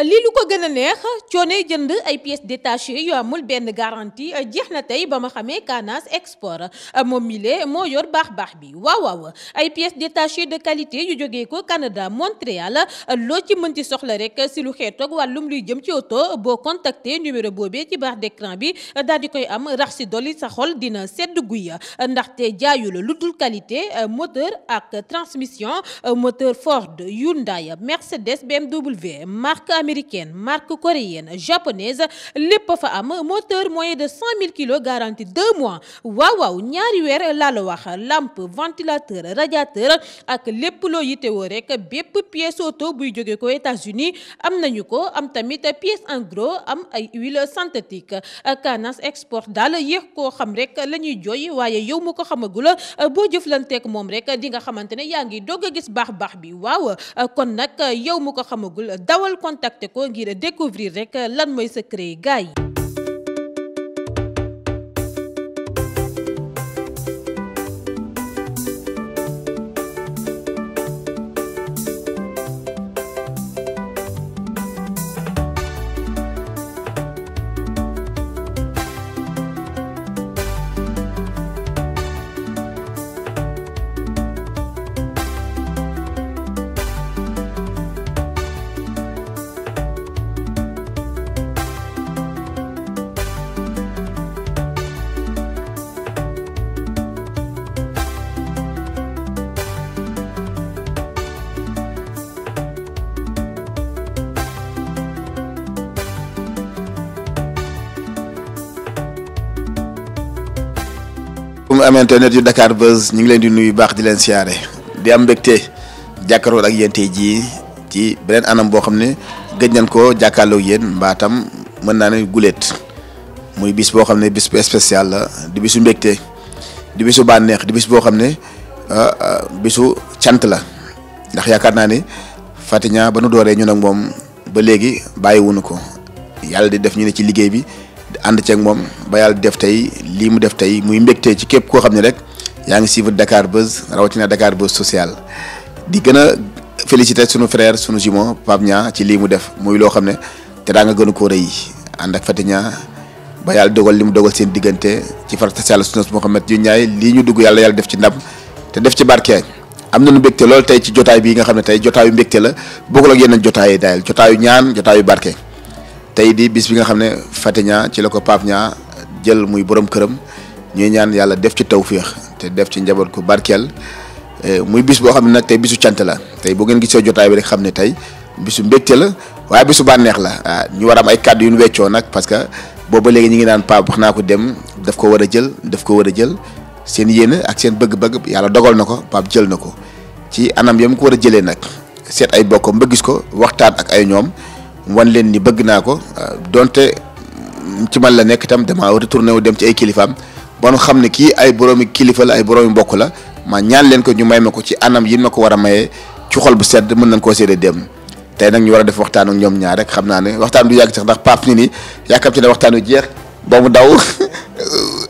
lii lu ko gën a neex coone jënd ay pièces détachées yu amul benn garantie jeex na tey ba ma xamee Canas Export moom mile moo yor baax baax bi waaw waaw ay pièces détachées de qualité yu jógee ko Canada Montréal loo ci mën ci soxla rek si lu xeetoog wàllum luy jëm ci oto boo contacter numéro boobee ci barre d'écran bi daal di koy am rax si dolli sa xol dina sedd guy ndaxte jaayul lu dul qualité moteur ak transmission moteur Ford Hyundai Mercedes BMW marque américaine marque coréenne japonaise lépp fa am moteur moyen de 100 000 kilos garantie 2 mois waaw waaw ñaari weer laa la wax lampe ventilateur radiateur ak lépp loo yitewoo rek bépp pièce auto buy joge ko États-Unis am nañu ko am tamit pièce en gros am ay huile synthétique Canas Export daal yéex koo xam rek la ñuy jooy waaye yow mu ko xamagula boo jëflanteek moom rek di nga xamante ne yaa ngi dogg a gis baax baax bi waaw kon nag yow mu ko xamagul dawal contact te ko ngir découvrir rek lan mooy sa yi gars yi. mu am internet yu Dakar Buzz ñu ngi leen di nuyu baax di leen siyaare di am mbégte jàkkaarloo ak yéen tey jii ci beneen anam boo xam ne gëj nañ ko jàkkaarloo ak yéen mbaatam mën naa ne guléet muy bis boo xam ne bis spécial la di bisu mbégte di bisu bànneex di boo xam ne ah, ah, bisu cant la ndax yaakaar naa ni Fatigna ba nu dooree ñu ak moom ba léegi bàyyiwuñu ko yàlla di def ñu ne ci liggéey bi. ànd ceeg moom ba yàlla def tey lii mu def tey muy mbégte ci képp koo xam ne rek yaa ngi suivre Dakar Buzz rawatina Dakar Buzz social di gën a féliciter sunu frère sunu jumeau Pape ñaa ci lii mu def muy loo xam ne te daa nga gën a ko rëy ànd ak Faty Niang ba yàlla dogal li mu dogal seen diggante ci farata si yàlla sunu Mouhamed yu ñaay lii ñu dugg yàlla yàlla def ci ndam te def ci barke am na nu nañu mbégte lool tey ci jotaay bii nga xam ne tey jotaayu mbégte la bokkul ak yeneen jotaayu daayal jotaayu ñaan jotaayu barke. tey di bis bi nga xam ne Faty ci la ko paab ñaa jël muy borom këram ñuy ñaan yàlla def ci tawféex te def ci njaboot ku barkeel eh, muy bis boo xam ne nag tey bisu cant la tey ngeen gisee jotaay bi rek xam ne tey bisu mbégte la waaye bisu bànneex la ah, ñu war am ay kàddu yu ñu weccoo nag parce que booba léegi ñi ngi naan Pape wax naa ko dem daf ko war a jël daf ko war a jël seen yéen ak seen bëgg-bëgg yàlla dogal na ko Pape jël na ko ci anam mu ko war a jëlee nag seet ay bokkam ba gis ko waxtaan ak ay ñoom. wan leen ni bëgg naa ko euh, donte ci man la nekk itam dama retourné wu dem ci ay kilifaam bon xam ne kii ay boroomi kilifa la ay boroomi mbokk la maa ñaan leen ko ñu may ma ko ci anam yi ma ko war a mayee ci xol bu sedd mën nañ koo séedee dem te nag ñu war a def waxtaanu ñoom ñaar rek xam naa ne waxtaan du yàgg sax ndax Pape ni nii yàkkam ci ne waxtaan wi jeex ba mu daw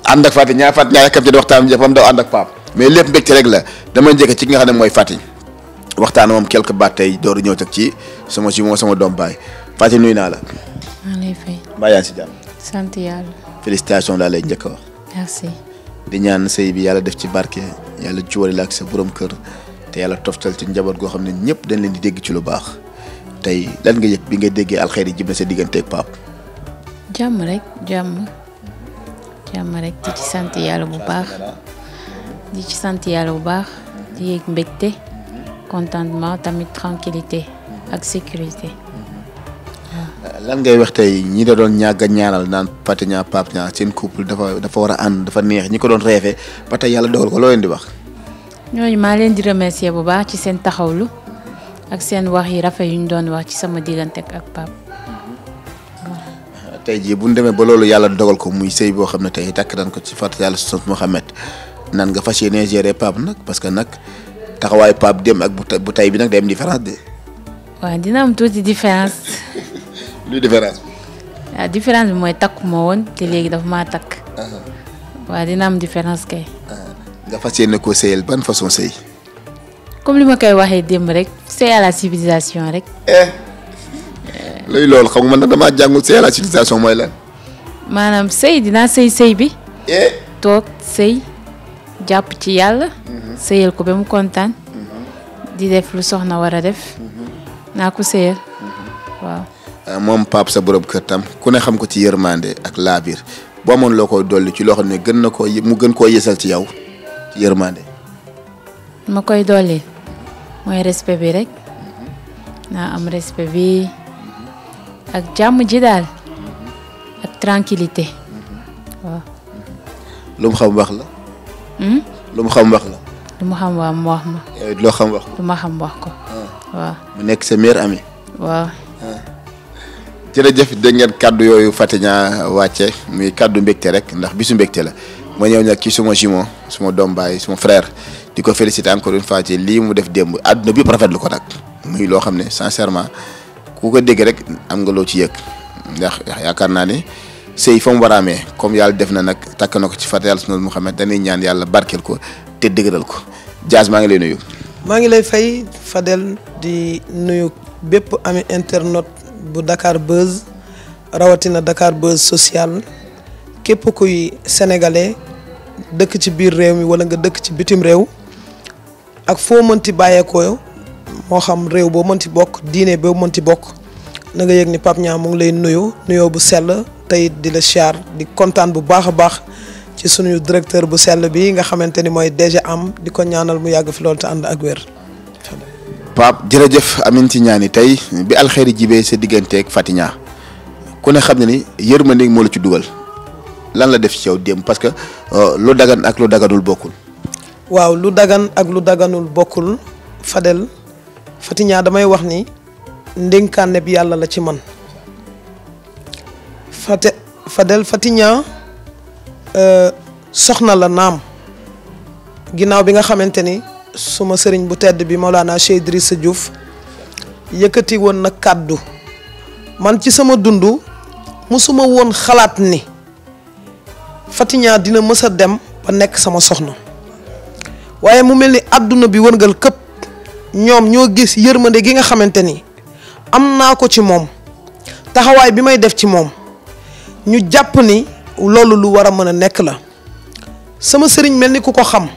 ànd ak Fatick ñaar Fatick ñaar yàkkam ci ne waxtaan wi jeex ba mu daw ànd mais lépp mbégte rek la dama njëkk ci ki nga xam ne mooy Fatick waxtaan moom quelque baat tey dooru ñëw ci sama si sama doom baay Faty nuyu naa la. maa ngi lay fay. mbaa yaa njëkk a merci. di ñaan sëy bi yàlla def ci barke yàlla juwale la ak sa borom kër te yàlla toftal ci njaboot goo xam ne ñëpp dañ leen di dégg ci lu baax tey lan nga yëg bi nga déggee alxeer yi jib na sa digganteeg Pape. jàmm rek jàmm jàmm rek di ci sant yàlla bu baax di ci sant yàlla bu baax di yëg mbégte contentement tamit tranquillité ak sécurité. lan ngay wax tey ñi da doon ñàgg a ñaanal naan Faty Niang Pape Niang seen couple dafa dafa war a ànd dafa neex ñi ko doon reefee ba tey yàlla dogal ko loo leen di wax. ñooñu maa leen di remercier bu baax ci seen taxawlu ak seen wax yi rafet yu ñu doon wax ci sama diggante ak Pape. tey jii bu ñu demee ba loolu yàlla dogal ko muy sëy boo xam ne tey takk nañ ko ci Faty yàlla sant Mouhamed nan nga fas yéenee gérer Pape nag parce que nag taxawaayu Pape dem ak bu tay bi nag dem am différence de. waaw dina am tuuti différence. luy différence bi. Ah, mooy takkuma ma woon te léegi dafa maa takk. waaw dina am différence kay. nga fas yéene koo sëyal ban façon sëy. comme li ma koy waxee démb rek c'est à la civilisation rek. Eh! luy loolu xam nga man damaa jàngul c'est à la civilisation mooy lan. maanaam sëy dina sëy sëy bi. Eh! toog sëy jàpp ci yàlla. Mhm. séyal ko ba mu kontaan. Mhm. di def lu soxna war a def. Mhm. naa ko sëyal waaw. Euh, moom Pape sa borom kërtam ku ne xam ko ci yërmande ak laabir boo amoon loo koy dolli ci loo xam ne gën na koo mu gën koo yësal ci yow ci yërmande. ma koy dolli mooy respect bi rek naa am respect bi ak jàmm ji daal ak tranquillité waaw. Hmm? xam wax la. lu xam wax la. lu xam waa mu wax ma. loo xam wax ko. lu ah. mu nekk sa meilleur ami. jërëjëf dégg ngeen kàddu yooyu Fatigna wàcce muy kàddu mbégte rek ndax bisu mbégte la ma ñëw nag ci suma jumeau suma doom baay suma frère di ko féliciter encore une fois ci lii mu def démb àdduna bi rafetlu ko nag muy loo xam ne sincèrement ku ko dégg rek am nga loo ci yëg ndax yaakaar naa ni sëy fa mu war amee comme yàlla def na nag takk na ko ci fàtte yàlla sunu Muhammad dañuy ñaan yàlla barkeel ko te dëgëral ko Diaz maa ngi lay nuyu. maa ngi lay fay Fadel di nuyu bépp ami internet. bu Dakar Buzz rawatina Dakar Buzz social képp kuy sénégalais dëkk ci biir réew mi wala nga dëkk ci bitim réew ak foo mënti bàyyeekoo moo xam réew boo mënti bokk diine boo mënti bokk nanga nga yëg ni Pape Niang mu ngi lay nuyu nuyoo bu sell tey di la siyaar di kontaan bu baax a baax ci suñu directeur bu sell bi nga xamante ni mooy DG am di ko ñaanal mu yàgg fi loolu te ànd ak wér. Pape jërëjëf Aminti Niani tey bi alxeeri jibee sa digganteeg Fatigna ku ne xam ne ni yërmande moo la ci dugal lan la def ci yow démb parce que euh, lu dagan ak lu daganul bokkul. waaw lu dagan ak lu daganul bokkul Fadel Fatigna damay wax ni ndénkaane bi yàlla la ci man Fate Fadel Fatigna euh, soxna la naam ginnaaw bi nga xamante ni. suma sëriñ bu tedd bi Maulana Cheikh sa Diouf yëkkati woon na kàddu man ci sama dund musuma woon xalaat ni Fatigna dina mës a dem ba nekk sama soxna waaye mu mel ni àdduna bi wërngal këpp ñoom ñoo gis yërmande gi nga xamante ni am naa ko ci moom taxawaay bi may def ci moom ñu jàpp ni loolu lu war a mën a nekk la sama sëriñ mel ni ku ko xam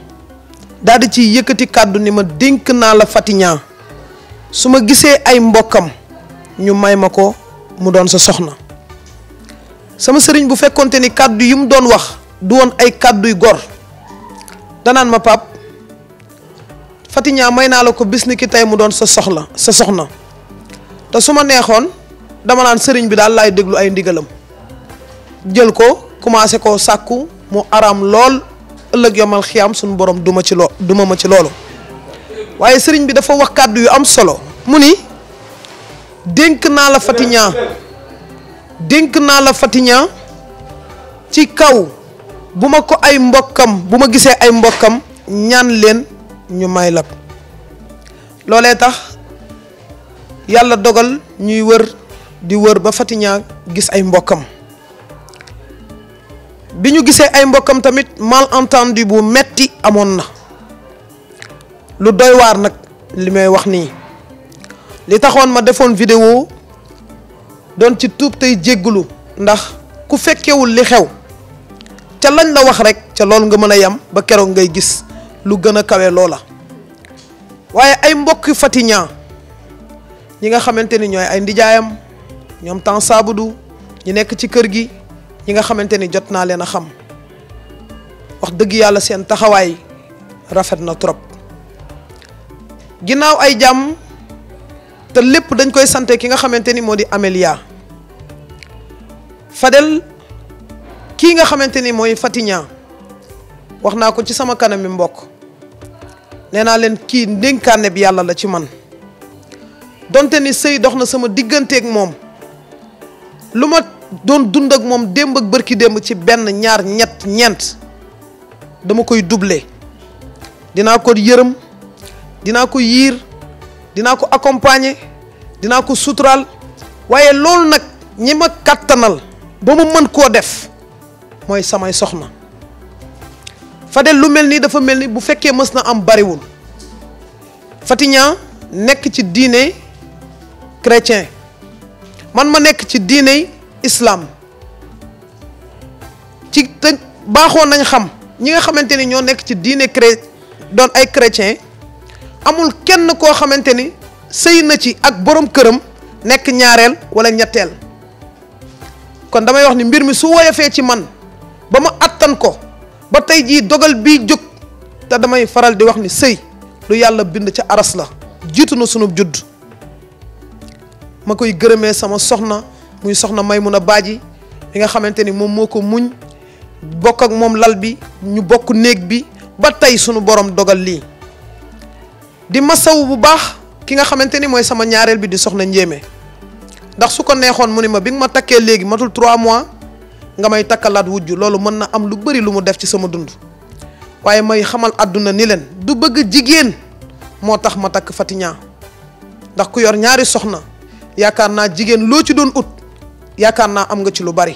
daal di ciy yëkkati kàddu ni ma dénk naa la Fatignan su ma gisee ay mbokkam ñu may ma ko mu doon sa soxna sama sëriñ bu fekkonte ni kàddu yi mu doon wax du woon ay kàdduy gor danaan ma pap Fatignan may naa la ko bis ni ki tey mu doon sa soxla sa soxna te su ma neexoon dama naan sëriñ bi daal lay déglu ay ndigalam jël ko commencé ko sàkku mu araam lool ëllëg yomal xiyaam suñu borom duma ci loo duma ma ci loolu waaye sëriñ bi dafa wax kàddu yu am solo mu ni dénk naa la Fatignan dénk naa la Fatignan ci kaw bu ma ko ay mbokkam bu ma gisee ay mbokkam ñaan leen ñu may lab loolee tax yàlla dogal ñuy wër di wër ba Fatignan gis ay mbokkam bi ñu gisee ay mbokkam tamit malentendu bu metti amoon na lu doy waar nag li may wax nii li taxoon ma defoon vidéo doon ci tuub tey jéggulu ndax ku fekkewul li xew ca lañ la wax rek ca lool nga mën a yem ba keroog ngay gis lu gën a kawe loola waaye ay mbokki Fatignan ñi nga xamante ni ñooy ay ndijaayam ñoom temps Sabodou ñi nekk ci kër gi yi nga xamante ni jot naa leen a xam wax dëgg yàlla seen taxawaay rafet na trop ginnaaw ay jàmm te lépp dañ koy sante ki nga xamante ni moo di Amélia Fadel kii nga xamante ni mooy Fatigna wax naa ko ci sama kanami mbokk nee naa leen kii ndénkaane bi yàlla la ci man donte ni sëy dox na sama digganteek moom lu ma doon dund ak moom démb ak bërki démb ci benn ñaar ñett ñeent dama koy duble dinaa ko yërëm dinaa ko yiir dinaa ko accompagner dinaa ko suturaal waaye loolu nag ñi ma kàttanal ba ma mën koo def mooy samay soxna Fadel lu mel nii dafa mel ni bu fekkee mës na am bariwul Fatignan nekk ci diine chrétien man ma nekk ci diine islam ci te baaxoon nañ xam ñi nga xamante ni ñoo nekk ci diine cré doon ay chrétien amul kenn koo xamante ni sëy na ci ak boroom këram nekk ñaareel wala ñetteel kon damay wax ni mbir mi su woyofee ci man ba ma attan ko ba tey jii dogal bii jóg te damay faral di wax ni sëy lu yàlla bind ca aras la jiitu na sunu judd ma koy gërëmee sama soxna muy soxna Maymuna Baaji yi nga xamante ni moom moo ko muñ bokk ak moom lal bi ñu bokk néeg bi ba tey sunu borom dogal lii di ma masaw bu baax ki nga xamante ni mooy sama ñaareel bi di soxna njéeme ndax su ko neexoon mu ne ma bi nga ma takkee léegi matul trois mois nga may takkalaat wujju loolu mën na am lu bari lu mu def ci sama dund waaye may xamal àdduna ni leen du bëgg jigéen moo tax ma takk Faty ndax ku yor ñaari soxna yaakaar naa jigéen yaakaar naa am nga ci lu bari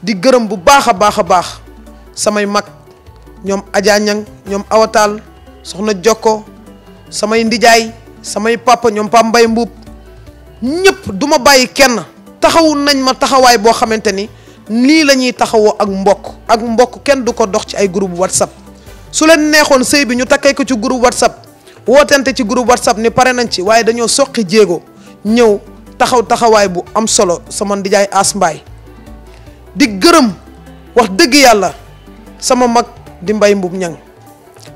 di gërëm bu baax a baax a baax samay mag ñoom Adja ñoom Awataal soxna Jokko samay ndijaay samay papa ñoom Pam Mbay Mbuub ñëpp du bàyyi kenn taxawu nañ ma taxawaay boo xamante ni nii la ñuy taxawoo ak mbokk ak mbokk kenn du ko dox ci ay groupe whatsapp su leen neexoon sëy bi ñu takkee ko ci groupe whatsapp wootante ci groupe whatsapp ni pare nañ ci waaye dañoo soqi jéego ñëw taxaw taxawaay bu am solo sama ndijaay As mbaay di gërëm wax dëgg yàlla sama mag di mbay mbubb ñang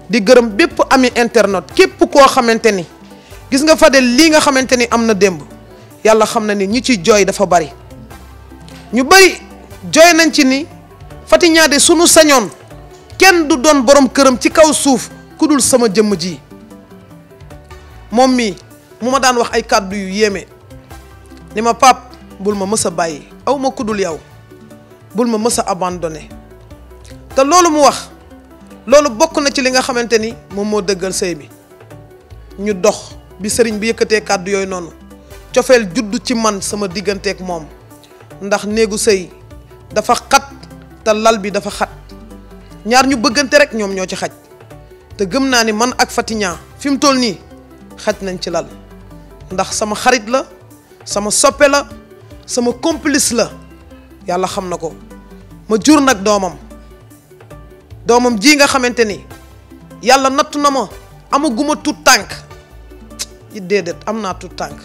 di gërëm bépp ami internet képp koo xamante ni gis nga Fadel lii nga xamante ni am na démb yàlla xam na ni ñi ci jooy dafa bari ñu bari jooy nañ ci ni Fati Ñaade sunu sañoon kenn du doon borom këram ci kaw suuf ku dul sama jëmm ji moom mii mu ma daan wax ay kàddu yu yéeme ni ma pap bul ma mës a bàyyi aw ma kuddul yow bul ma mës a abandonné te loolu mu wax loolu bokk na ci li nga xamante ni moom moo dëggal sëy bi ñu dox bi sëriñ bi yëkkatee kàddu yooyu noonu cofeel juddu ci man sama diggante ak moom ndax néegu sëy dafa xat te lal bi dafa xat ñaar ñu bëggante rek ñoom ñoo ci xaj te gëm naa ni man ak Fatigna fi mu toll nii xaj nañ ci lal ndax sama xarit la sama soppe la sama complice la yàlla xam na ko ma jur nag doomam doomam ji nga xamante ni yàlla nattu na ma amaguma tut tànk yi déedéet am naa tut tànk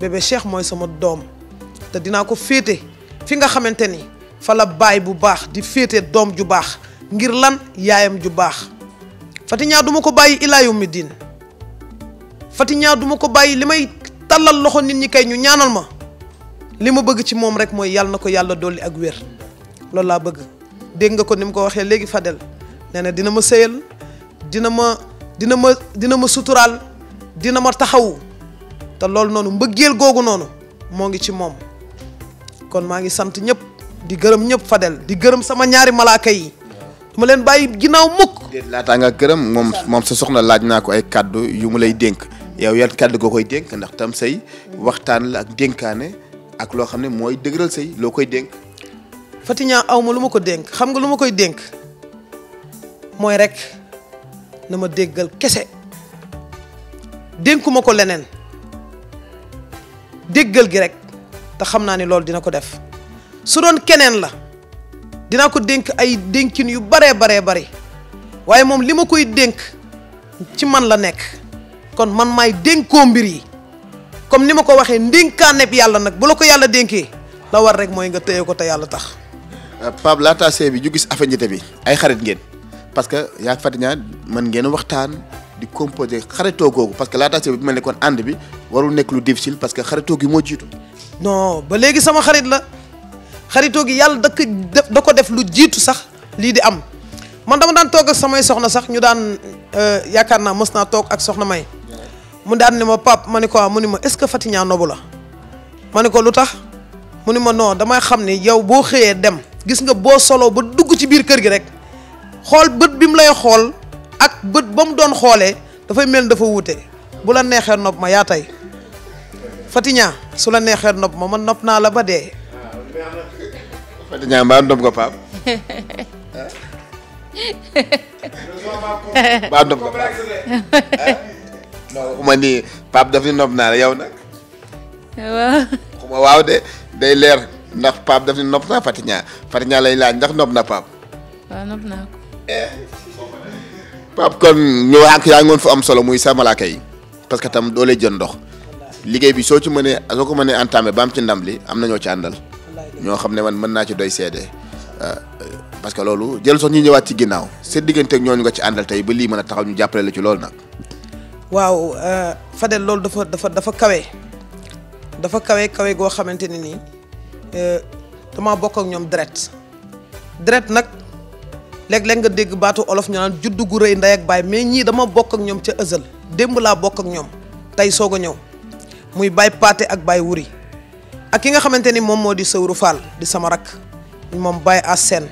bébé Cheikh mooy sama doom te dinaa ko féete fi nga xamante ni fa la baay bu baax di féete doom ju baax ngir lan yaayam ju baax Fatiñaa duma ko bàyyi ilaa yawmi diin Fatiñaa duma ko bàyyi li may tàllal loxo nit ñi kay ñu ñaanal ma li ma bëgg ci moom rek mooy yàlla na ko yàlla dolli ak wér loolu laa bëgg dégg nga ko ni mu ko waxee léegi Fadel nee dina ma sëyal dina ma dina ma dina ma suturaal dina ma taxawu te loolu noonu mbëggeel googu noonu moo ngi ci moom kon maa ngi sant ñëpp di gërëm ñëpp Fadel di gërëm sama ñaari malaaka yi ma leen bàyyi ginnaaw mukk déet laataa nga gërëm moom moom sa soxna laaj naa ko ay kàddu yu mu lay dénk yow yan kàddu goo koy dénk ndax tam sëy waxtaan la ak dénkaane ak loo xam ne mooy dëgëral sëy loo koy dénk Fatignan awma lu ma ko dénk xam nga lu ma koy dénk mooy rek na ma déggal kese dénkuma ko leneen déggal gi rek te xam naa ni loolu dina ko def su doon keneen la dina ko dénk ay dénkin yu baree baree bari waaye moom li ma koy dénk ci man la nekk kon man maay dénkoo mbir yi comme ni ma ko waxee ndénkaaneb yàlla nag bu la ko yàlla dénkee la war rek mooy nga téye ko te yàlla tax. Euh, Pape laata see bi ñu gis affaire bi ay xarit ngeen parce que yaa Faty Niang mën ngeen waxtaan di composé xaritoo googu parce que laata see bi bu mel ne kon ànd bi warul nekk lu difficile parce que xaritoo gi moo jiitu. non ba léegi sama xarit la xaritoo gi yàlla da ko def da ko def lu jiitu sax lii di am man dama daan toog ak samay soxna sax ñu daan euh, yaakaar naa mës naa toog ak soxna May. mu daan ne ma pap ma ne ko ah, mu ne ma est-ce que Fatigna nobu la ma ne ko lu tax mu ne ma non damay xam ne yow boo xëyee dem gis nga boo solo ba dugg ci biir kër gi rek xool bët bi mu lay xool ak bët ba mu doon xoolee dafay mel ni dafa wuute bu la neexee nopp ma yaa tey Fatigna su la neexee nopp ma man nopp naa la ba dee. Fatigna mbaa nopp nga non waxuma nii Pape daf ñu nopp naa la yow nag. waaw. waxuma de day leer ndax paab daf ñu nopp naa Fatigna Fatigna lay laaj ndax nopp na Pape. waaw nopp naa eh. kon ñoo ak yaa ngoon fu am solo muy sa malaaka yi parce que tam doo lay jën ndox liggéey bi soo ci mënee soo ko mënee entamé ba am ci ndam li am na ñoo ci àndal ñoo xam ne man mën naa ci doy seede euh, parce que loolu jël sox ñi ñëwaat ci ginnaaw seen diggante ak ñooñu nga ci àndal tey ba lii mën a taxaw ñu jàppale la ci loolu nag. waaw euh, Fadel loolu dafa dafa dafa kawe dafa kawe kawe goo xamante ne nii euh, dama bokk ak ñoom deret deret nag léeg-léeg nga dégg baatu olof ñu naan juddu gu rëy ndey ak baay mais ñii dama bokk ak ñoom ca ësël démb laa bokk ak ñoom tey soog a ñëw muy baay paate ak baay wuri ak ki nga xamante ni moom moo di Sëwru Fall di sama rak moom baay Assène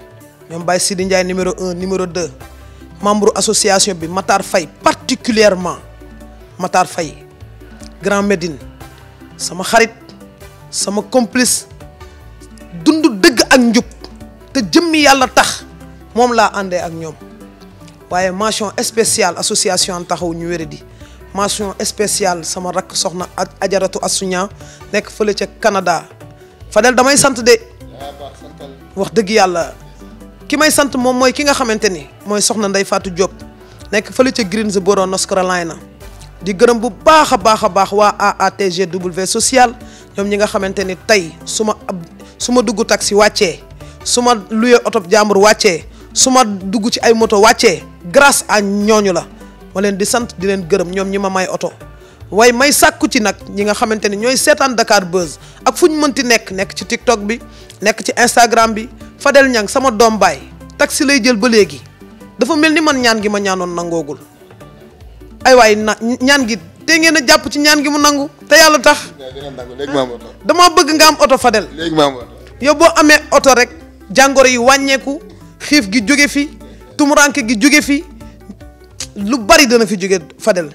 moom baay di Ndiaye numéro un numéro deux membre association bi Matar Faye particulièrement mataar fay Grand Médine sama xarit sama complice dund dëgg ak njub te jëmmi yàlla tax moom laa àndee ak ñoom waaye mention spéciale association taxaw ñu wéradi mention spéciale sama rakk soxna ajaratu asuña nekk fële ca Canada Fadel damay sant de wax dëgg yàlla ki may sant moom mooy ki nga xamante ni mooy soxna Ndey Fatou Diop nekk fële ca Greensboro North Carolina di gërëm bu baax a baax a baax waa AATGW sociale ñoom ñi nga xamante ni tey su ma ab su ma dugg taxi wàccee su ma luye oto jàmbur wàccee su ma dugg ci ay moto wàccee grace à ñooñu la ma leen di sant di leen gërëm ñoom ñi ma may oto waaye may sàkku ci nag ñi nga xamante ni ñooy seetaan Dakar Buzz ak fu ñu mënti nekk nekk ci TikTok bi nekk ci Instagram bi Fadel Niang sama doom baay taxi lay jël ba léegi dafa mel ni man ñaan gi ma ñaanoon nangoogul ay waay na ñaan gi te ngeen a jàpp ci ñaan gi mu nangu te yàlla tax damaa bëgg nga am oto Fadel yow boo amee oto rek jàngoro yi wàññeeku xiif gi jóge fi tumuranke gi jóge fi lu bari dana fi jóge Fadel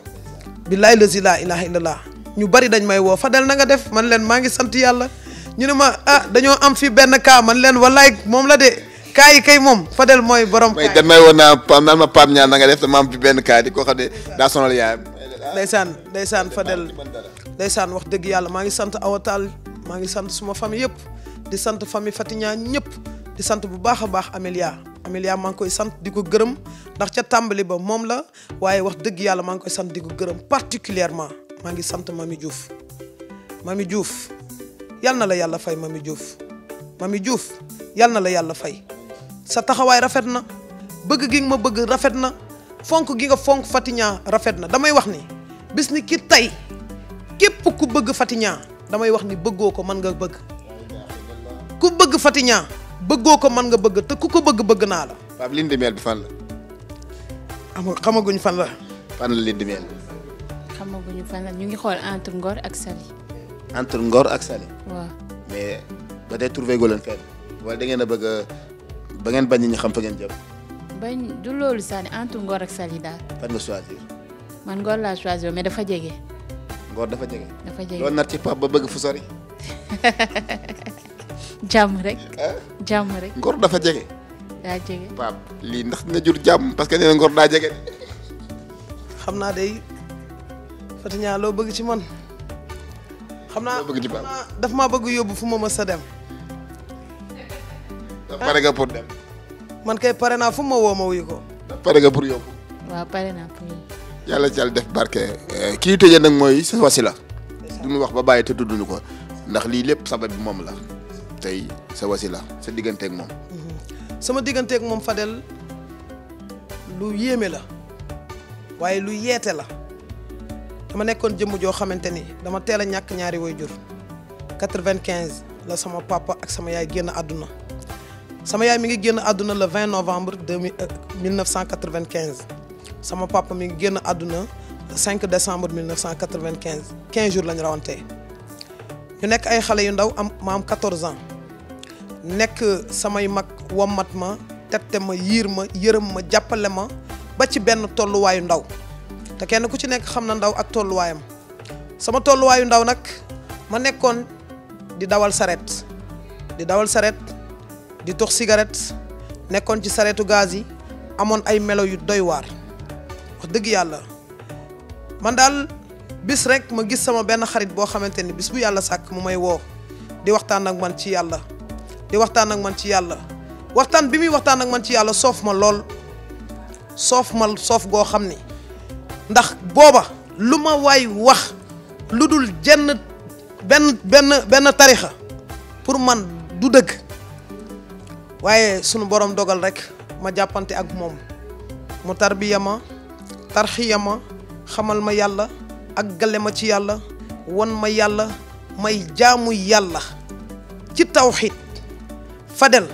billahi lazi la ilaha illallah ñu bari dañ may woo Fadel na nga def man leen maa ngi sant yàlla ñu ne ma ah dañoo am fi benn cas man leen wallaay moom la de kaa yi kay moom Fadel mooy borom. kaa yi dañ may woon naa Pam naan ma Pam ñaan na nga def te maam bi benn kaa di koo xam ne daa sonal yaayam. ndeysaan ndeysaan Fadel ndeysaan wax dëgg yàlla maa ngi sant awataal maa ngi sant suma famille yëpp di sant famille Fatigna ñëpp di sant bu baax a baax Amélia Amélia maa ngi koy sant di ko gërëm ndax ca tàmbali ba moom la waaye wax dëgg yàlla maa ngi koy sant di ko gërëm particulièrement maa ngi sant Mami Diouf Mami Diouf yal na la yàlla fay Mami Diouf Mami juuf yal na la yàlla fay sa taxawaay rafet na bëgg gi ma bëgg rafet na fonk gi nga fonk Fatignan rafet na damay wax ni bis ni ki tey képp ku bëgg Fatignan damay wax ni bëggoo ko mën nga bëgg ku bëgg Fatignan bëggoo ko mën nga bëgg te ku ko bëgg bëgg naa la. Pape lune de miel bi fan la. fan la. fan la lune de miel. xamaguñu fan la ñu ngi xool entre Ngor ak Saly. entre Ngor ak Saly. waaw mais ba tey trouvé gu leen fenn wala da ngeen a bëgg ba ngeen bañ ñu xam fa ngeen jëm. bañ du loolu Sani entre Ngor ak Salida. fan nga choisir. man Ngor laa choisir mais dafa jege. Ngor dafa jege. dafa jege loolu nar ci pap ba bëgg fu sori. jàmm rek. jàmm rek. Ngor dafa jege. daa lii ndax dina jur jàmm parce que nee na daa jege. xam naa day Fatigna loo bëgg ci man. xam naa daf ma bëgg yóbbu fu ma mës a dem. da pare nga pour dem. man kay pare naa fu ma woo ma wuyu ko. da pare nga pour yóbbu. waaw pare naa pour yóbbu. yàlla ci yàlla def barke eh, kii tëjee nag mooy sa wasila. duñu wax ba bàyyi te tudduñu ko ndax lii lépp sabab bi moom la tey sa wasila sa digganteeg moom. Mhm. sama digganteeg moom Fadel lu yéeme la waaye lu yeete la dama nekkoon jëmm joo xamante ni dama teel a ñàkk ñaari way jur quatre-vingt-quinze la sama papa ak sama yaay génn àdduna. sama yaay mi ngi génn àdduna le 20 novembre 1995 euh, sama papa mi ngi génn àdduna le 5 décembre 1995 15 jours la ñu rawantee ñu nekk ay xale yu ndaw am ma am 14 ans nekk samay mag wommat ma tette ma yiir ma yërëm ma jàppale ma ba ci benn tolluwaayu ndaw te kenn ku ci nekk xam na ndaw ak tolluwaayam sama tolluwaayu ndaw nag ma nekkoon di dawal saret di dawal saret di tox cigarette nekkoon ci sareetu gaz yi amoon ay melo yu doy waar wax dëgg yàlla man daal bis rek ma gis sama benn xarit boo xamante ni bis bu yàlla sàkk mu may woo di waxtaan ak man ci yàlla di waxtaan ak man ci yàlla waxtaan bi muy waxtaan ak man ci yàlla soof ma lool soof ma soof goo xam ni ndax booba lu ma waay wax lu dul jenn benn benn benn tarixa pour man du dëgg waaye sunu borom dogal rekk ma jàppante ak moom mu tarbiya ma tarxiya ma xamal ma yàlla ak gale ma ci yàlla won ma yàlla may jaamu yàlla ci tawxiid fadel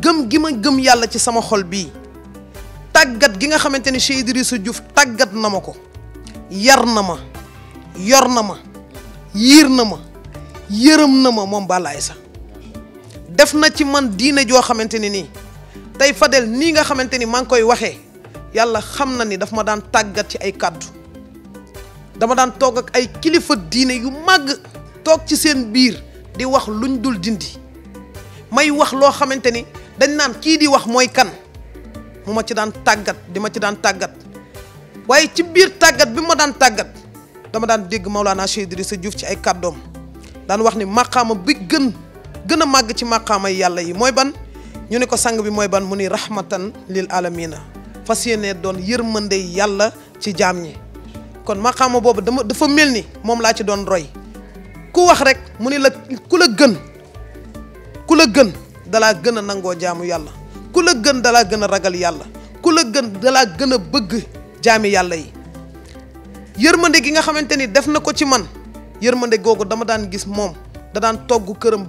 gëm gi ma gëm yàlla ci sama xol bii tàggat gi nga xamante ni Cheikh Idrissa Diouf tàggat na ma ko yar na ma yor na ma yiir na ma yërëm na ma moom Balla Aïssa def na ci man diine joo xamante ni nii tey Fadel nii nga xamante ni maa ngi koy waxee yàlla xam na ni daf ma daan tàggat ci ay kàddu dama daan toog ak ay kilifa diine yu màgg toog ci seen biir di wax luñ dul dindi may wax loo xamante ni dañ naan kii di wax mooy kan mu ma ci daan tàggat di ma ci daan tàggat waaye ci biir tàggat bi ma daan tàggat dama daan dégg Maulana Cheikh Idrissa Diouf ci ay kàddoom daan wax ni maqaama bi gën gën a màgg ci màqaamay yàlla yi mooy ban ñu ne ko sang bi mooy ban mu ni rahmatan lil alamina fas yéene doon yërmande yàlla ci jaam ñi kon maqaama boobu dama dafa mel ni moom laa ci doon roy ku wax rek mu ni la ku la gën ku gën dalaa gën a nangoo jaamu yàlla ku gën dalaa gën a ragal yàlla ku gën dalaa gën a bëgg jaami yàlla yi yërmande gi nga xamante ni def na ko ci man yërmande googu dama daan gis moom da daan togg këram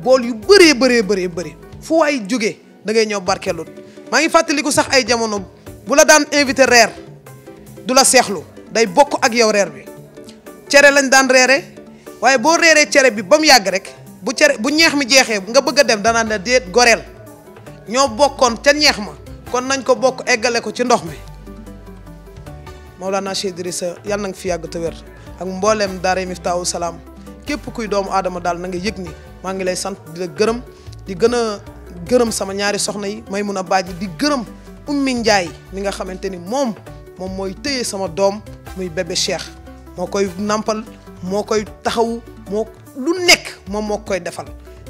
bool yu bëree bëree bëree bëri fu waay jóge dangay ngay ñëw barkeelu maa ngi fàttaliku sax ay jamono bu la daan invité reer du la seexlu day bokk ak yow reer bi cere lañ daan reere waaye boo reeree cere bi ba mu yàgg rek bu cere bu ñeex mi jeexee nga bëgg a dem danaan la déet goreel ñoo bokkoon ca ñeex ma kon nañ ko bokk eggale ko ci ndox mi Mawlana Cheikh Idrissa yàlla na ngi fi yàgg te wér ak mbooleem daara Miftahul Salaam képp kuy doomu aadama daal na yëg ni maa ngi lay sant di la gërëm di gën a gërëm sama ñaari soxna yi may mun a baaji di gërëm ummi njaay mi nga xamante ni moom moom mooy téye sama doom muy cheikh moo koy nampal moo koy taxawu moo nekk moom moo koy defal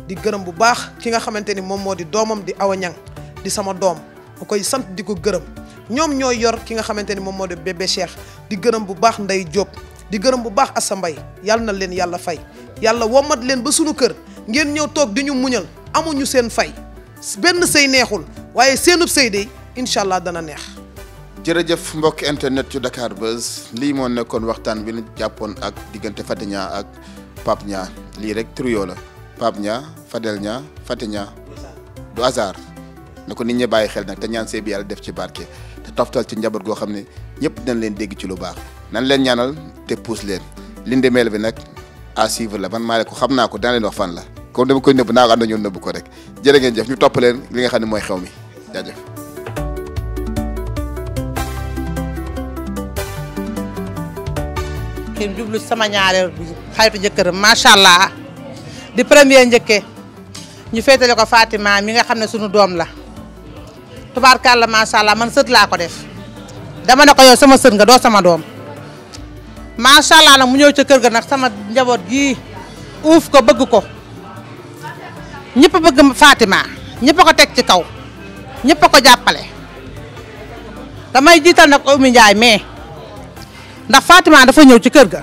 di gërëm bu baax ki nga xamante ni moom moo di doomam di awa ñang di sama doom ma koy sant di ko gërëm ñoom ñooy yor ki nga xamante ni moom moo di bébé cheikh di gërëm bu baax nday Diop di gërëm bu baax ak sa Mbaye yàlla na leen yàlla fay yàlla womat leen ba sunu kër ngeen ñëw toog di ñu muñal amuñu seen fay benn sëy neexul waaye seenub sëy de incha allah dana neex. jërëjëf mbokk internet yu Dakar Buzz lii moo nekkoon waxtaan wi ñu jàppoon ak diggante Faty ak Pape ñaa lii rek trio la Pape Niang Fadel Niang Faty Niang du hasard na ko nit ñi bàyyi xel nag te ñaan see bi yàlla def ci barke te toftal ci njaboot goo xam ne ñëpp dañ leen dégg ci lu baax nan leen ñaanal te puus leen lindemeel bi nag à suivre la man maa ko xam naa ko dana leen fan la. comme dama koy nëbb naa ko ànd ñoom nëbb ko rek jërë ngeen jëf ñu topp leen li nga xam ne mooy xew mi jaajëf ki jublu sama ñaareel xaritu jëkkëram macha allah di premier njëkke ñu féetale ko Fatima mi nga xam ne sunu doom la tubaarkàlla macha allah man sët laa ko def dama ne ko yow sama sët nga doo sama doom macha allah nag mu ñëw ca kër ga nag sama njaboot gii uuf ko bëgg ko ñëpp a bëgg Fatima ñëpp a ko teg ci kaw ñëpp a ko jàppale damay jiital nag Oumy Ndiaye mais ndax Fatima dafa ñëw ci kër ga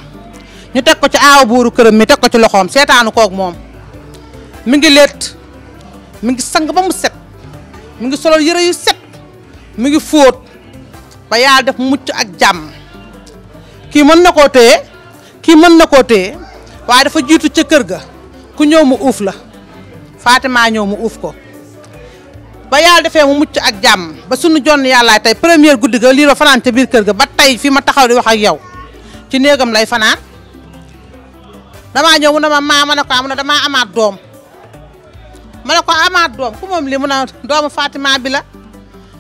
ñu teg ko ci aaw buuru këram mi teg ko ci loxoom seetaanu kook moom mi ngi létt mi ngi sang ba mu set mu ngi solol yëre yu set mi ngi fóot ba yàlla def mucc ak jàmm kii mën na koo téye kii mën na koo téye waaye dafa jiitu ca kër ga ku ñëw mu uuf la Fatima ñëw mu uuf ko ba yàlla defee mu mucc ak jàmm ba sunu jonn yàllaay tey première guddi ga lii la fanaan ca biir kër ga ba tey fi ma taxaw di wax ak yow ci néegam lay fanaan damaa ñëw mu ne ma maa ma ko am ah, na damaa amaat doom ma ne ko amaat doom ku moom lii mu ne doomu Fatima bi la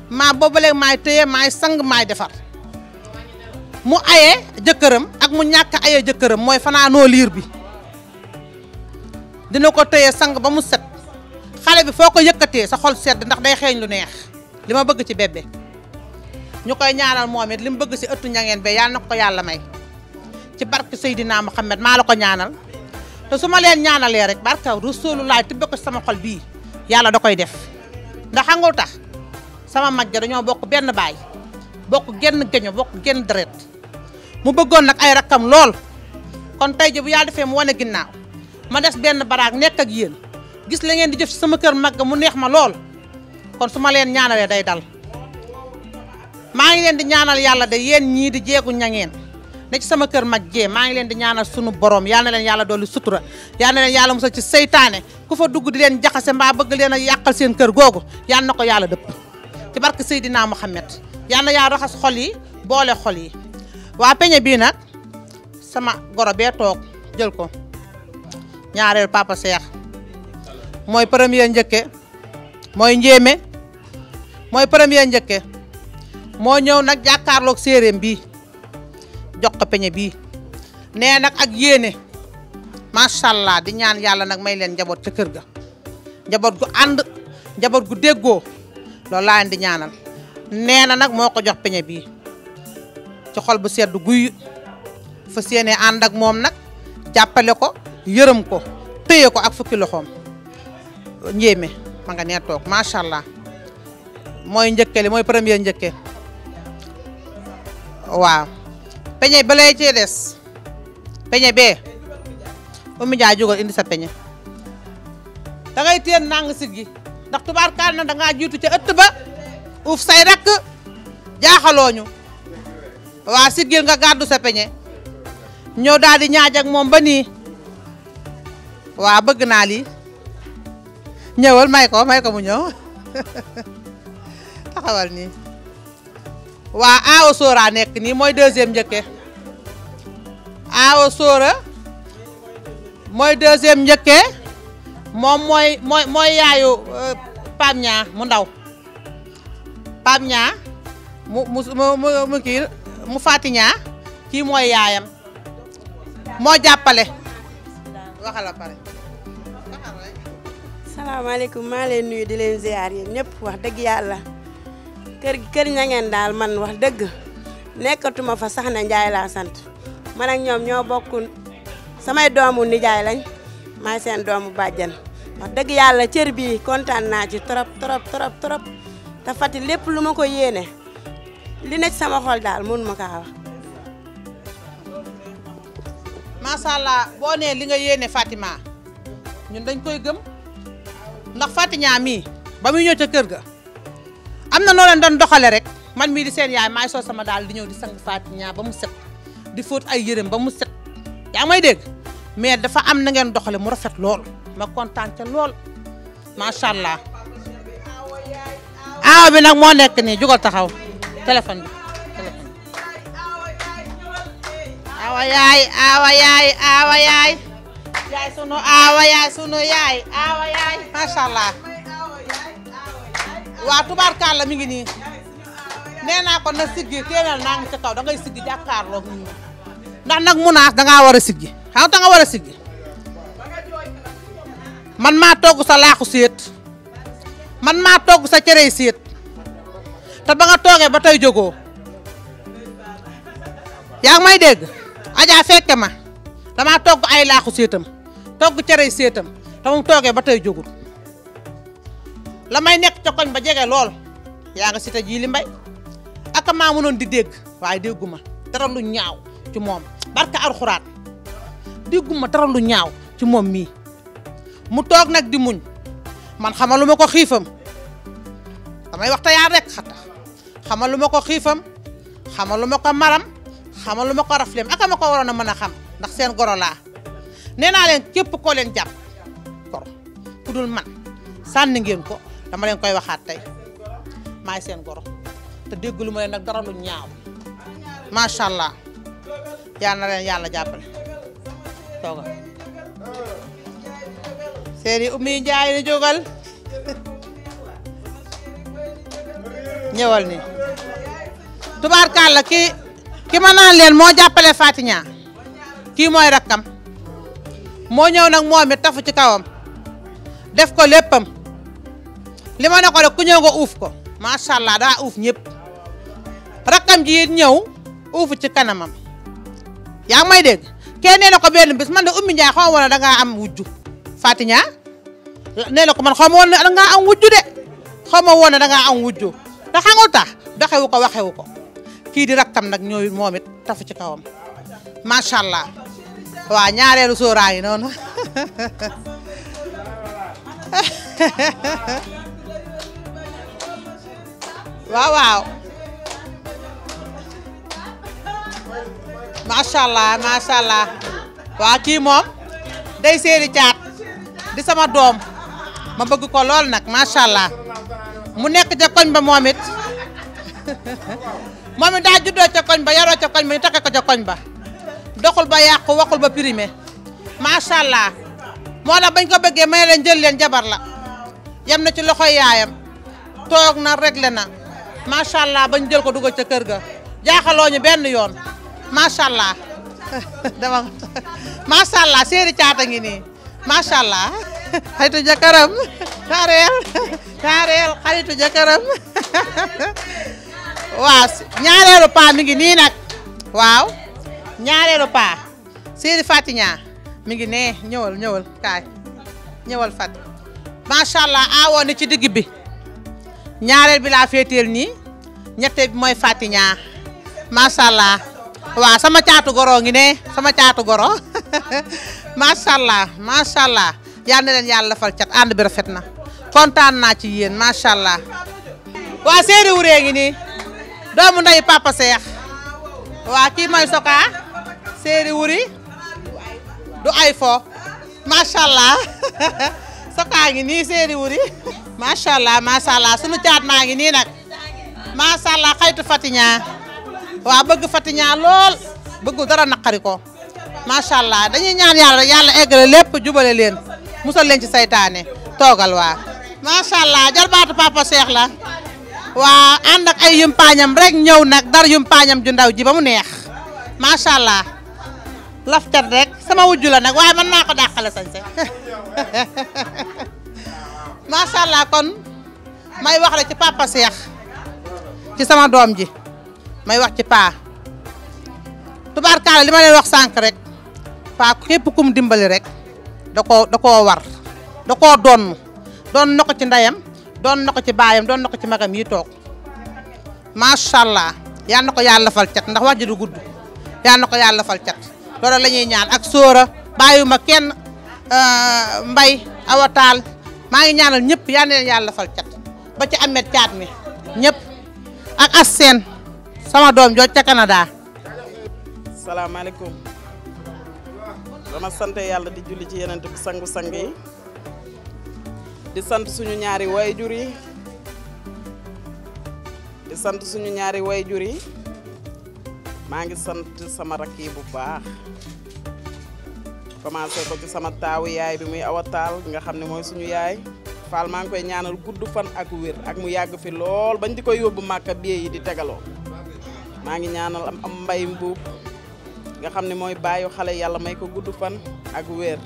maa boobu léegi maay téye maay sang maay defar mu aye jëkkëram ak mu ñàkk aye jëkkëram mooy fanaanoo liir bi dina ko téye sang ba mu set xale bi foo ko yëkkatee sa xol sedd ndax day xeeñ lu neex li ma bëgg ci bébé ñu koy ñaanal moom it li mu bëgg si ëtt ñangeen be yàlla na ko yàlla may ci barke Seydina Muhammad maa la ko ñaanal te su ma leen ñaanalee rek barka Rasulullah tibbe ko sama xol bii yàlla da koy def ndax xangul tax sama mag ja dañoo bokk benn baay bokk genn geño bokk genn deret mu bëggoon nag ay rakkam lool kon tey bu yàlla defee mu wane ginnaaw ma des benn baraag nekk ak yéen gis la ngeen di jëf sama kër mag mu neex ma lool kon su ma leen ñaanawee day dal maa ngi leen di ñaanal yàlla de yéen ñii di jeegu ñangeen ne ci sama kër mag jee maa ngi leen di ñaanal sunu borom yal leen yàlla dolli sutura yal na leen yàlla musal ci seytaane ku fa dugg di leen jaxase mbaa bëgg leen a yàqal seen kër googu yal na ko yàlla dëpp ci barke Seydina Muhammad yal na yaa raxas xol yi boole xol yi waa peñe bii nag sama goro bee toog jël ko ñaareel papa mooy premier njëkke mooy njéeme mooy premier njëkke moo ñëw nag jàkkaarloog séeréem bii jox ko peñe bii nee nag ak yéene macha allah di ñaan yàlla nag may leen njaboot ca kër ga njaboot gu ànd njaboot gu déggoo loolu laa di ñaanal nee na nag moo ko jox peñe bii ci xol bu sedd guy fa séenee ànd ak moom nag jàppale ko yërëm ko téye ko ak fukki loxoom njéeme ma nga nee toog allah mooy njëkke li mooy premier njëkke waaw peñe bala lay cee des peñe bee Oumy indi sa peñe da ngay téen nang sit gi ndax tubaarkaal na dangaa jiitu ca ëtt ba uuf say rakk jaaxalooñu waa siggil nga gàddu sa peñe ñëw daal di ñaaj ak moom ba nii waa bëgg naa lii ñëwal may ko may ko mu ñëw taxawal nii waa aawo sóora nekk nii mooy deuxième njëkke aawo sóora mooy deuxième njëkke moom mooy mooy mooy yaayu euh, Pam ñaa mu ndaw Pam ñaa mu mu mu mu mu fàtti ñaa kii mooy yaayam moo jàppale waxala pare asalaamaaleykum maa leen nuyu di leen ziar yéen ñëpp wax dëgg yàlla kër kër ña ngeen daal man wax dëgg nekkatuma fa sax na Njaay laa sant man ak ñoom ñoo bokk samay doomu nijaay lañ maay seen doomu bàjjan wax dëgg yàlla cër bi kontaan naa ci trop trop trop trop te fati lépp lu ma ko yéene li nekk sama xol daal mun ma kaa wax macha boo nee li nga yéene Fatima ñun dañ koy gëm ndax Fatigna mii ba muy ñëw ca kër ga am na noo leen doon doxale rek man mii di seen yaay maay soo sama daal di ñëw di sang Fatigna ba mu set di fóot ay yërëm ba mu set yaa may dégg mais dafa am na ngeen doxale mu rafet lool ma kontaan ca lool macha allah aaw bi nag moo nekk nii bi téléphone aawa yaay aawa yaay aawa yaay yaay sunu aawa yaay sunu yaay aawa yaay macha allah waaw tubaarkàlla mi ngi nii nee naa ko na siggi téeméer naa ngi ci kaw dangay ngay siggi jàkkaarloo nit ñi ndax nag munaas dangaa war a siggi xam nga war a siggi man maa togg sa laaxu séet man maa togg sa cerey séet te ba nga toogee ba tey jógoo yaa may dégg Adja fekke ma damaa togg ay laaxu séetam togg cere seetam te mu toogee ba tey jógul la may nekk ca koñ ba jege lool yaa nga si te jii li mbay ak maa mënoon di dégg waaye dégguma dara lu ñaaw ci moom barka alxuraan dégguma dara lu ñaaw ci moom mii mu toog nag di muñ man xamaluma ko xiifam damay waxta yaa rek xata xamaluma ko xiifam xamaluma ko maram xamaluma ko raflem ak ma ko waroon a mën a xam ndax seen goro nee naa leen képp koo leen man sànni ngeen ko dama leen koy waxaat tey may seen goro te déggalu ma leen nag dara lu ñaaw macha allah yal na leen yàlla jàppale toogal seeri Oumy Ndiaye ni jógal ñëwal ni tubaarkàlla ki ki ma naan leen moo jàppale Faty Niang kii mooy rakkam moo ñëw nag moom it tafu ci kawam def ko léppam li ma ne ko rek ku ñëw nga uuf ko macha allah daa uuf ñëpp rakkam ji it ñëw uufu ci kanamam yaa may dégg kenn nee na ko benn bis man de ummi Ndiaye xaw ma woon dangaa am wujju Fatigna nee na ko ma woon ne dangaa am wujju de xaw ma woon ne dangaa am wujju te xangul tax ko waxewu ko kii di rakkam nag ñooy moom it tafu ci kawam macha allah. waaw ñaareelu sóoraa ngi noonu waaw waaw macha allah macha allah waaw kii moom day seeri caat di sama doom ma bëgg ko lool nag macha allah mu nekk ca koñ ba moom it moom daa juddoo ca koñ ba yaroo ca koñ ba ñu takk ko ca koñ ba. doxul ba yàqu waxul ba primé macha allah moo tax bañ ko bëggee may leen jël leen jabar la yem na ci loxoy yaayam toog na réglé na macha allah bañ jël ko dugal ca kër ga jaaxaloo ñu benn yoon macha allah dama macha allah caata ngi nii macha allah xaritu jëkkëram taareel taareel ñaareelu paa ngi nii nag waaw ñaareelu paa Sidi Faty Niang mi ngi ne ñëwal ñëwal kaay ñëwal Faty macha allah aawoon ci digg bi ñaareel bi laa nii ñette mooy Faty Niang macha sama caatu goro ngi ne sama caatu goro macha allah macha allah yal yàlla defal cat ànd bi rafet na kontaan naa ci yéen macha allah waa Seydou Wuré ngi nii doomu nday Papa Seex waa kii mooy Soka. séeri wuri du ay fo macha allah sokaa ngi nii séeri wuri macha allah macha allah sunu caat maa ngi nii nag macha allah xaytu Fatiña waa bëgg Fatiña lool bëggul dara naqari ko macha allah dañuy ñaan yàlla yàlla eggale lépp jubale leen musal leen ci seytaane toogal waa macha allah jarbaatu papa Cheikh waa ànd ay yumpaañam rek ñëw nag dar yumpaañam ju ndaw ji mu neex macha allah. laftar rek sama wujju la nag waaye mën naa ko dàqale sañse macha allah kon may wax la ci papa Seex ci sama doom ji may wax ci paa tubaarkaala li ma leen wax sànq rek paa képp kum dimbali rek da ko da koo war da koo doon doon na ko ci ndeyam doon na ko ci baayam doon na ko ci magam yi toog macha allah yal na ko yàlla fal cat ndax wax ji du gudd yal na ko yàlla fal cat. loolu lañuy ñaan ak sóora bàyyuma kenn euh, mbay awataal maa ngi ñaanal ñëpp yal na leen yàlla fal cat ba ci amet caat mi ñëpp ak as seen sama doom jooj ca Canada. salaamaaleykum dama sant yàlla di julli ci yeneen bi sangu-sang yi di sant suñu ñaari wayjur yi di sant suñu ñaari wayjur yi maa ngi sant sama rakk yi baax commencé ko ci sama taawu yaay bi muy awataal taal nga xam ne mooy suñu yaay Fall maa ngi koy ñaanal gudd fan ak wér ak mu yàgg fi lool bañ di koy yóbbu màkka bie di tegaloo maa ngi ñaanal am am mbay nga xam ne mooy bàyyu xale yàlla may ko gudd fan ak wér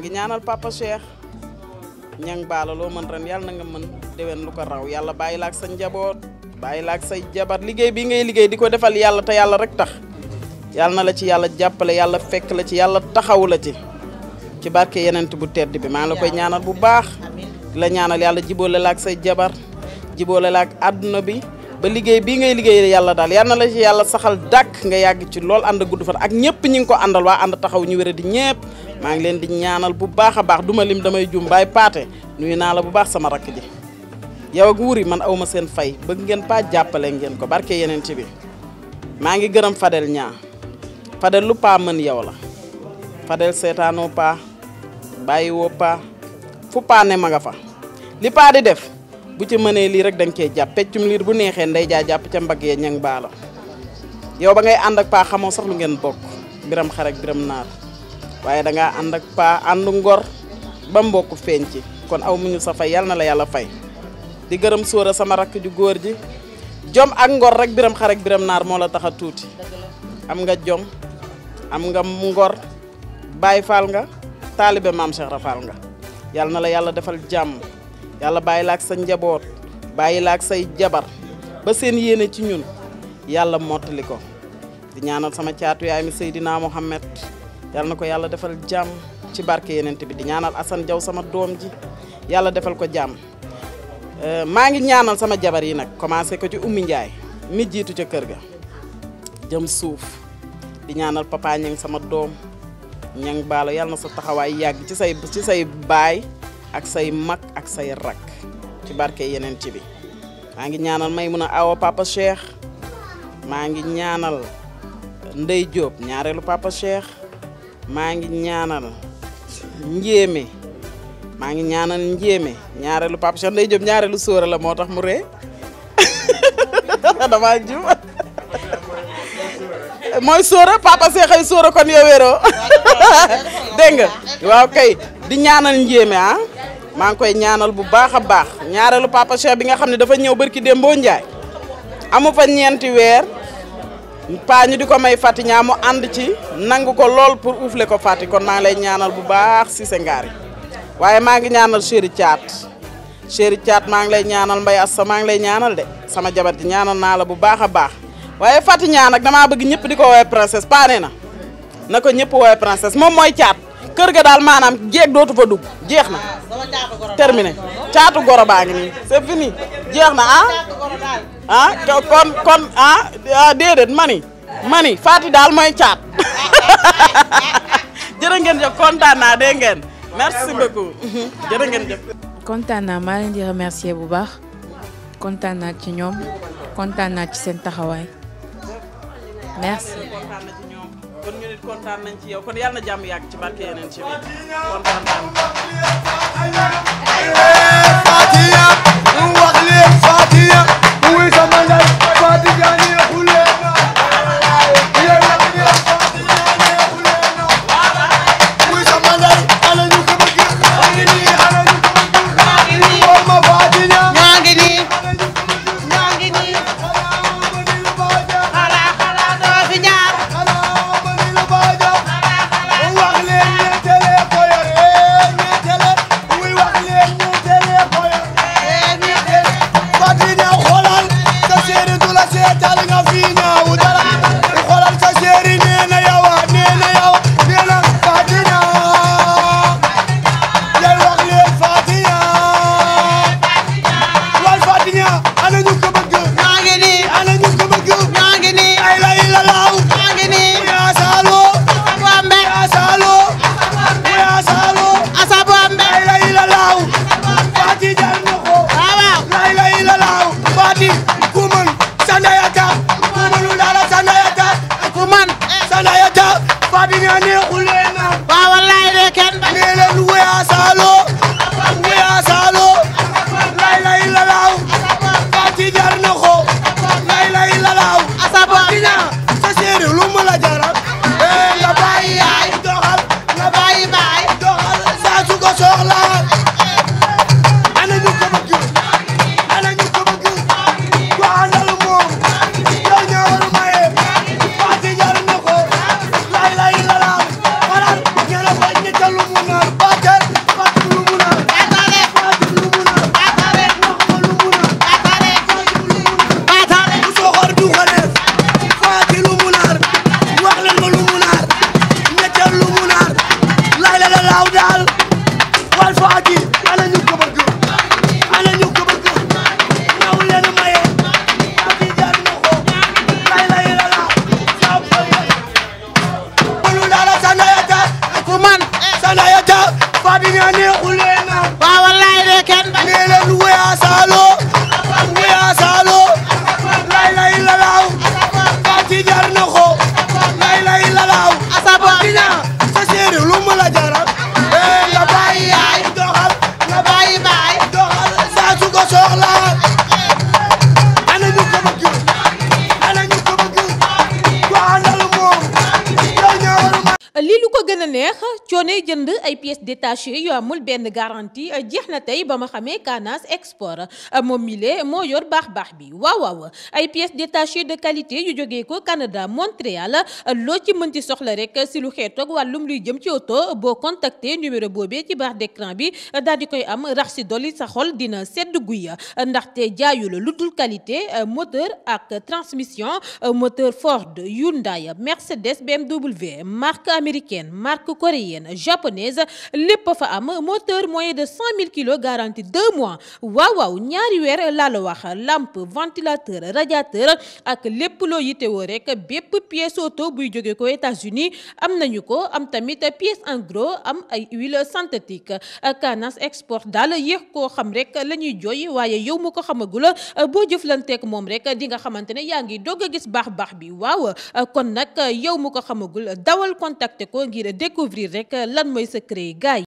ngi ñaanal papa Cheikh ñang baala loo mën ren yàlla na nga mën déwén lu ko raw yàlla bàyyi la ak sa njaboot bàyyi la say jabar liggéey bi ngay liggéey di ko defal yàlla te yàlla rek tax yàlla na la ci yàlla jàppale yàlla fekk la ci yàlla taxawu la ci ci barke yenent bu tedd bi maa ngi koy ñaanal bu baax la ñaanal yàlla jiboole la ak say jabar jiboole la ak àdduna bi ba liggéey bii ngay liggéey yàlla daal yàlla na la ci yàlla saxal dàkk nga yàgg ci lool ànd gudd fan ak ñëpp ñi ngi ko àndal ànd taxaw ñu wéra di ñëpp maa ngi leen di ñaanal bu baax a baax duma lim damay jum baay paate nuyu naa la bu baax sama rakk ji yow ak wuri man awma seen fay bëgg ngeen paa jàppale ngeen ko barke yeneen ci bi maa ngi gërëm Fadel ñaa Fadel lu paa mën yow la Fadel seetaanoo paa bàyyiwoo paa fu paa ne ma nga fa li paa di def bu ci mënee lii rek da nga cee jàpp bu neexee nday jaa jàpp ca mbagg ya ñang baala yow ba ngay ànd ak paa xamoo sax ngeen bokk biram xarek biram naar waaye dangaa ànd paa àndu ngor ba mbokk feeñ ci kon aw mu ñu sa fay na la yàlla fay di gërëm sóora sama rakk ju góor ji jom ak ngor rek biram xar biram naar moo la tax a tuuti am nga jom am nga ngor bàyyi faal nga taalibe maam Cheikh Rafaal nga yàlla na la yàlla defal jàmm yàlla bàyyi la ak njaboot bàyyi la say jabar ba seen yéene ci ñun yàlla mottali ko di ñaanal sama caatu yaay mi Seydina Mohamed yàlla na ko yàlla defal jàmm ci barke yenent bi di ñaanal Assane Diaw sama doom ji yàlla defal ko jàmm Euh, maa ngi ñaanal sama jabar yi nag commencé ko ci ummi Ndiaye mi jiitu ca kër ga jëm suuf di ñaanal papa ñang sama doom ñang baalo yàlla na sa taxawaay yàgg ci say ci say baay ak say mag ak say rak ci barke yeneen ci bi maa ngi ñaanal may mu a awa papa Cheikh maa ngi ñaanal Ndey Diop ñaareelu papa Cheikh maa ngi ñaanal njéeme maa ngi ñaanal njéeme ñaareelu Pape Cheikh Ndeye Diop ñaareelu sóora la moo tax mu ree dama mooy sóora papa seexay sóora kon yow wéeroo dégg nga waaw kay di ñaanal njéeme ah maa ngi koy ñaanal bu baax a baax ñaareelu Papa Cheikh bi nga xam ne dafa ñëw barki Dembo Ndiaye amu fa ñeenti weer paa di ko may Fatiña mu ànd ci nangu ko lool pour uufle ko Fati kon maa lay ñaanal bu baax si sa ngaar waaye maa ngi ñaanal chéri caat chéri caat maa ngi lay ñaanal mbay assa maa ngi lay ñaanal de sama jabar ji ñaanal naa la bu baax a baax waaye Faty Niang nag damaa bëgg ñëpp di ko woowee princesse paane na na ko ñëpp woowee princesse moom mooy caat kër ga daal maanaam jeeg dootu fa dugg jeex na terminé caatu goro baa ngi nii c'est fini jeex na ah ah kon kon ah, ah déedéet mani mani Faty daal mooy caat jërë ngeen jëf kontaan naa dégg ngeen merci kontaan naa maa leen di remercier bu baax kontaan naa ci ñoom kontaan naa ci seen taxawaay merci. kon ñu nit kontaan nañ ci yow kon yàlla jàmm yàgg ci barke yeneen ci bi kontaan naa. ngay jënd ay pièces détachées yu amul benn garantie euh, jeex na tey ba ma xamee Canas Export euh, moom mile moo yor baax baax bi waaw waaw ay pièces détachées de qualité yu jógee ko Canada Montréal euh, loo ci ci soxla rek si lu xeetoog wàllum luy jëm ci oto boo contacter numéro boobee ci barre d'écran bi daal di koy am rax si dolli sa xol dina sedd guy ndaxte jaayu la lu dul qualité moteur ak transmission moteur Ford Hyundai Mercedes BMW marque américaine marque coréenne. japonaise lépp fa am moteur moyen de 100000 kilos garantie 2 mois waaw waaw ñaari weer laa la wax lampe ventilateur radiateur ak lépp loo yitewoo rek bépp pièce auto buy jóge ko États-Unis am nañu ko am tamit pièce en gros am ay huile synthétique kanas Export daal yéex koo xam rek la ñuy jooy waaye yow mu ko xamagul boo jëflanteeg moom rek di nga xamante ne yaa ngi doog a gis baax baax bi waaw kon nag yow mu ko xamagul dawal contacter ko ngir découvrir rek lan mooy secret yi gars yi